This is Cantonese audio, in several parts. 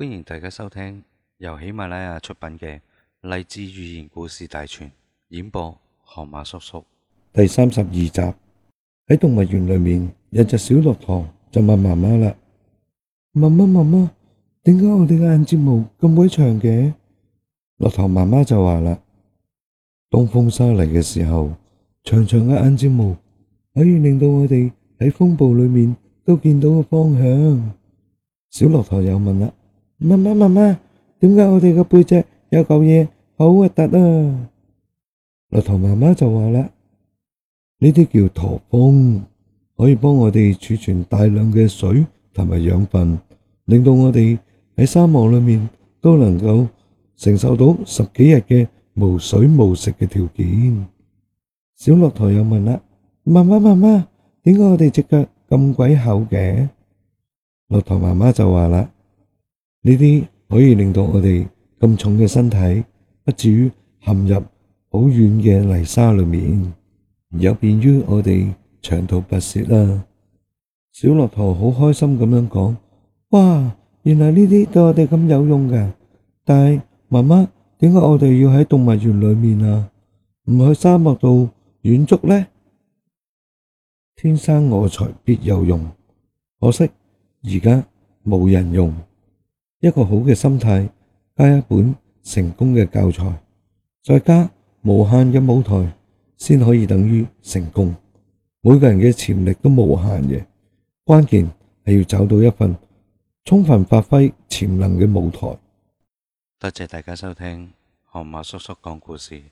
歡迎大家收聽由喜馬拉雅出品嘅《勵志寓言故事大全》，演播河馬叔叔第三十二集。喺動物園裏面，有隻小駱駝就問媽媽啦：，媽媽媽媽，點解我哋嘅眼睫毛咁鬼長嘅？駱駝媽媽就話啦：，東風沙嚟嘅時候，長長嘅眼睫毛可以令到我哋喺風暴裏面都見到個方向。小駱駝又問啦。媽媽媽媽，點解我哋個背脊有嚿嘢好核突啊？駱駝媽媽就話啦：，呢啲叫駝峰，可以幫我哋儲存大量嘅水同埋養分，令到我哋喺沙漠裏面都能夠承受到十幾日嘅無水無食嘅條件。小駱駝又問啦：，媽媽媽媽媽，點解我哋隻腳咁鬼厚嘅？駱駝媽媽就話啦。呢啲可以令到我哋咁重嘅身體不至於陷入好遠嘅泥沙裏面，有便於我哋長途跋涉啦。小駱駝好開心咁樣講：，哇！原來呢啲對我哋咁有用嘅。但係媽媽，點解我哋要喺動物園裏面啊？唔去沙漠度遠足呢？天生我材必有用，可惜而家冇人用。一個好嘅心態，加一本成功嘅教材，再加無限嘅舞台，先可以等於成功。每個人嘅潛力都無限嘅，關鍵係要找到一份充分發揮潛能嘅舞台。多謝大家收聽河馬叔叔講故事，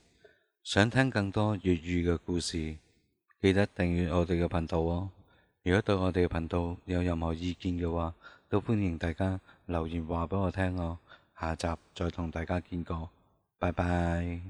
想聽更多粵語嘅故事，記得訂閱我哋嘅頻道哦。如果對我哋嘅頻道有任何意見嘅話，都歡迎大家留言話畀我聽哦。下集再同大家見過，拜拜。